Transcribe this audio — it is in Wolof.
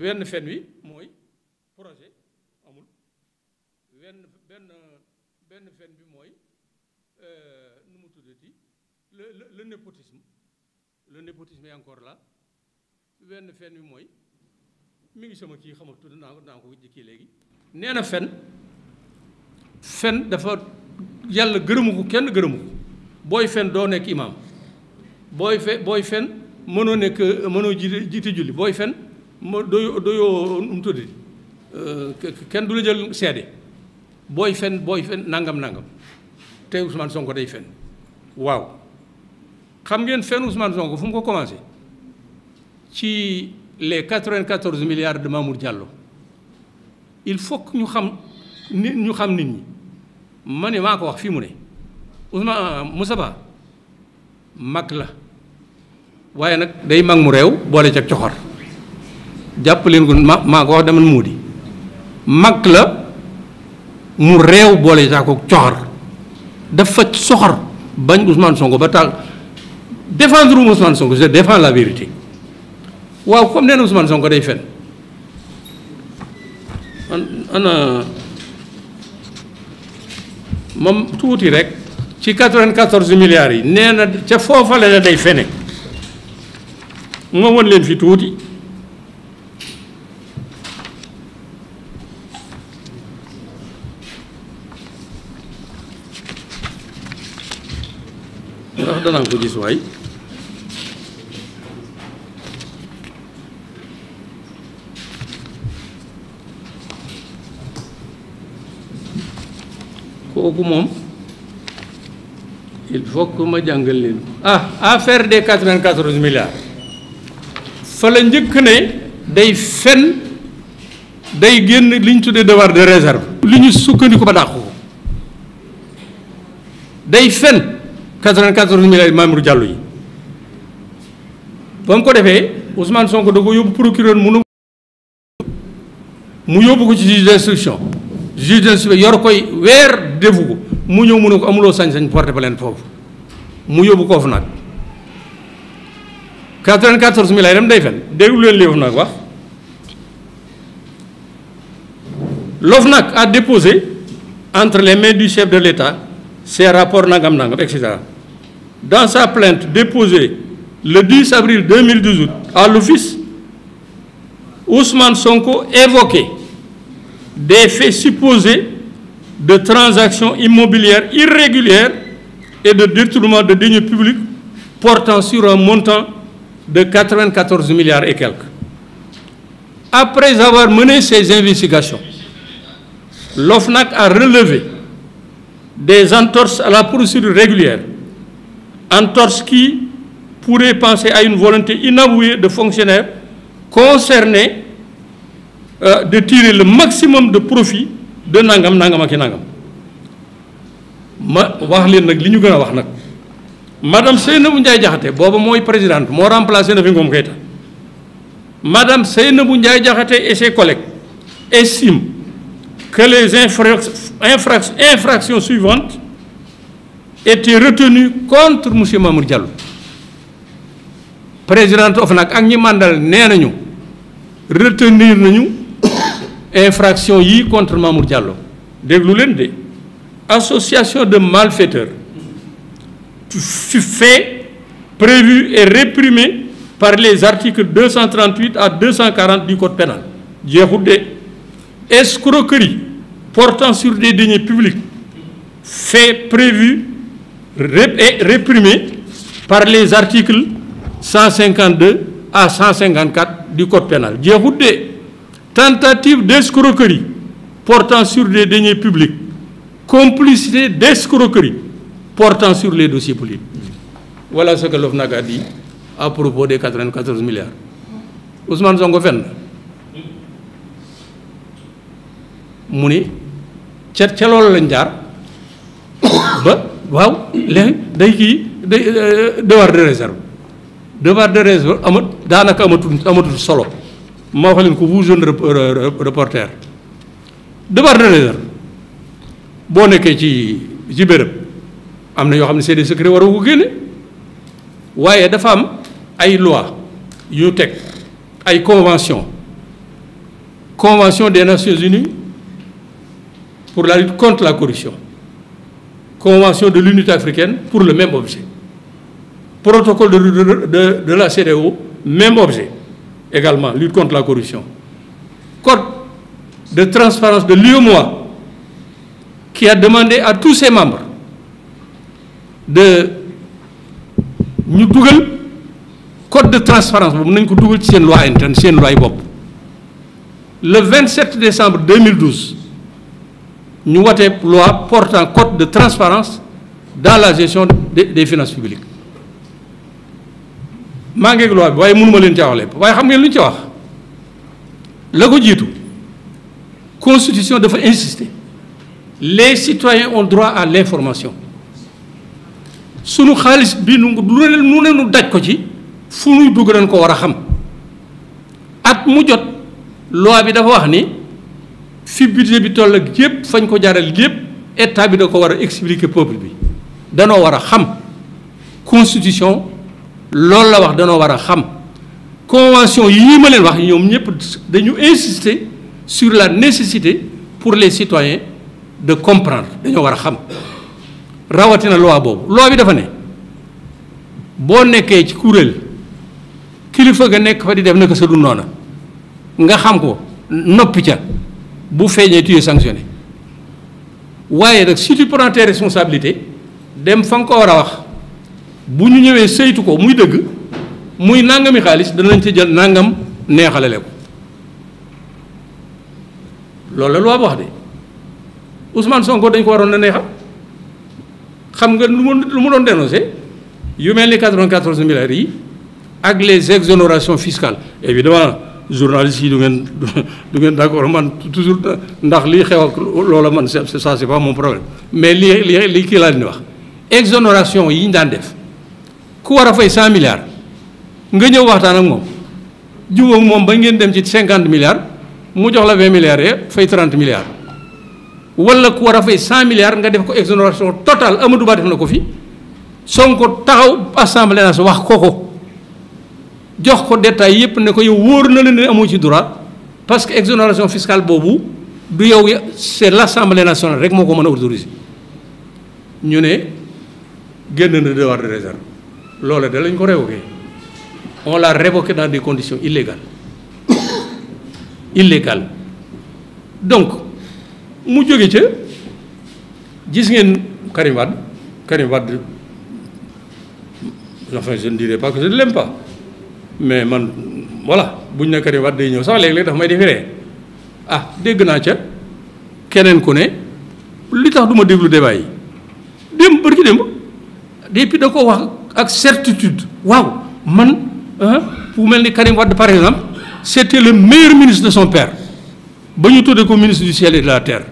wenn fen wi mooy projet amul wenn benn benn fen bi mooy euh, nu mu tuddati le le népotisme le népotisme est encore là wenn fen wi mooy mi ngi sama kii xam nga tudd naa ko naa ko kii léegi. nee na fen fen dafa yàlla gërëmu ko kenn gërëmu ko booy fen doo nekk imaam booy fe booy fen mënoo nekk mënoo jiite jiite julli booy fen. ma doyoo doyoo nu mu tudd euh, kenn du la jël seede booy fen booy fen nangam nangam tey Ousmane Sonko day fen waaw xam ngeen fen Ousmane Sonko fu mu ko commencé ci les 94 milliards de Mamour Diallo il faut que ñu xam nit ñu xam nit ñi ma ne maa ko wax fii mu ne Ousmane Moussa Ba mag la waaye nag day mag mu réew boole ca coxor jàpp leen ko ma maa ko wax demal muudi mag la mu réew boole saa ko coxar dafa soxor bañ Ousmane Sonko ba taal défendre Ousmane Sonko je défends la vérité waaw comme nee na Ousmane Sonko day fen an ana moom tuuti rek ci 94 milliards yi nee na ca foofale la day fene ma won leen fi tuuti ndax danaa ko gis waay kooku moom il faut que ma jàngal leen ah affaire des quatre-vingt-quatorze milliards fa la njëkk ne day fen day génn li ñu tuddee devoir de réserve li ñu sukkandiku ba dàq ko day fen 94 milliards Mamour Diallo yi ba mu ko defee Ousmane Sonko da ko yóbbu procureur mu no mu yóbbu ko ci juge d'instruction juge d'instruction yor koy weer defu ko mu ñëw mu ne ko amuloo sañ-sañ porté leen foofu mu yóbbu koof nag 94 milliards dem day fen déglu leen léefu nag wax l'OFNAC à déposé entre les mains du chef de l'État ses rapports nangam nangam et cetera dans sa plainte déposée le 10 avril 2018 à l'office Ousmane Sonko évoquait des faits supposés de transactions immobilières irrégulières et de détournement de deniers publics portant sur un montant de 94 milliards et quelques. Après avoir mené ces investigations, l'OFNAC a relevé des entorses à la procédure régulière, entorses qui pourraient penser à une volonté inavouée de fonctionnaires concernés euh, de tirer le maximum de profit de nangam nangam ak i nangam ma wax leen nag li ñu gën a wax nag madame Seynabou Ndiaye Diakhaté booba mooy présidente moo remplacé na fi Ngom Keïta madame Seynabou Ndiaye Diakhaté et ses collègues estiment que les infractions suivantes étaient retenues contre monsieur Mamour Diallo président nag ak ñi màndal nee nañu retenir nañu infraction yii contre Mamour Diallo déglu leen de association de malfaiteurs fait prévu et réprimé par les articles 238 à 240 du code pénal jeexut de escroquerie portant sur des deniers publics, fait prévu et par les articles 152 à 154 du Code pénal. Jeexut de tentative d'escroquerie portant sur des deniers publics, complicité d'escroquerie portant sur les dossiers politiques. Voilà ce que l'OFNAC a dit à propos des 94 milliards. Ousmane Sonko fenn mu ni ca ca loolu lañ jaar ba waaw léegi day kii day euh, euh, devoir de réserve devoir de réserve amat daanaka amatul amatul solo ma wax leen ko vous jeune euh, reporter devoir de réserve boo nekkee ci ci am na yoo xam ne c'est des war waroo ko génne waaye dafa am ay loi yu teg ay convention convention des nations unies pour la lutte contre la corruption convention de l'unité africaine pour le même objet protocole de de de, de la CEDEAO même objet également lutte contre la corruption code de transparence de l'UEMOA qui a demandé à tous ses membres de ñu dugal code de transparence boobu nañ ko dugal ci seen loi interne seen loi bopp le 27 décembre 2012 ñu wote loi portant code de transparence dans la gestion des des finances publiques maa ngeeg loi bi waaye mënuma leen ca wax lépp waaye xam ngeen wax la ko jiitu constitution dafa insister les citoyens ont droit à l'information sunu xaalis bi nu lu leen nu neenu daj ko ci fu nuy dugg nañ ko war a xam at mu jot loi bi dafa wax ni fi bi toll ak yépp fañ ko jaral yépp état bi da ko war a expliquer peuple bi danoo war a xam constitution loolu la wax danoo war a xam convention yii ma leen wax ñoom ñépp dañu insister sur la nécessité pour les citoyens de comprendre dañoo war a xam rawatina loi boobu loi bi dafa ne boo nekkee ci kuréel kilifa ga nekk fa di def naka sa du noona nga xam ko noppi ca bu feeñee tu es waaye nag si tu prends dem fa nga ko war a wax bu ñu ñëwee saytu ko muy dëgg muy nàngami xaalis danañ ci jël nàngam neexalale ko loolu la loi wax de Ousmane Sonko dañ ko waroon na neexal xam nga lu mu lu mu doon dénoncé yu mel ni 94 milliards yi ak les exonérations fiscales évidemment journaliste yi du ngeen du ngeen d'accord man toujours ndax lii xew ak loola man se ça c'est pas mon problème mais li li li kii laa leen wax exonération yi ñu daan def ku war a fay cent milliards nga ñëw waxtaan ak moom jubóog moom ba ngeen dem ci cinquante milliards mu jox la vingt milliards yee fay trente milliards walla ku war a fay cent milliards nga def ko exonération totale Amadou Ba def na ko fi Sonko taxaw assemblée nationale wax ko jox ko détail yépp ne ko yow wóor na la ne amoo ci droit parce que exonération fiscale boobu du yow c'est l'Assemblée nationale rek moo ko mën a autoriser ñu ne génn na devoir de réserve loolu da lañ ko révoqué on l'a révoqué dans des condition illégales illégales donc mu jóge ca gis ngeen Karim Wade Karim Wade enfin mais man voilà buñ ne Karim Wade day ñëw sax léegi léeg dafa may defi ah dégg naa ca keneen ku ne li tax du ma déglu débat yi démb bërki démb depuis da ko wax ak certitude waaw man fu mel ni Karim Wade par exemple c'était le meilleur ministre de son père ba ñu tuddee ko ministre du ciel et de la terre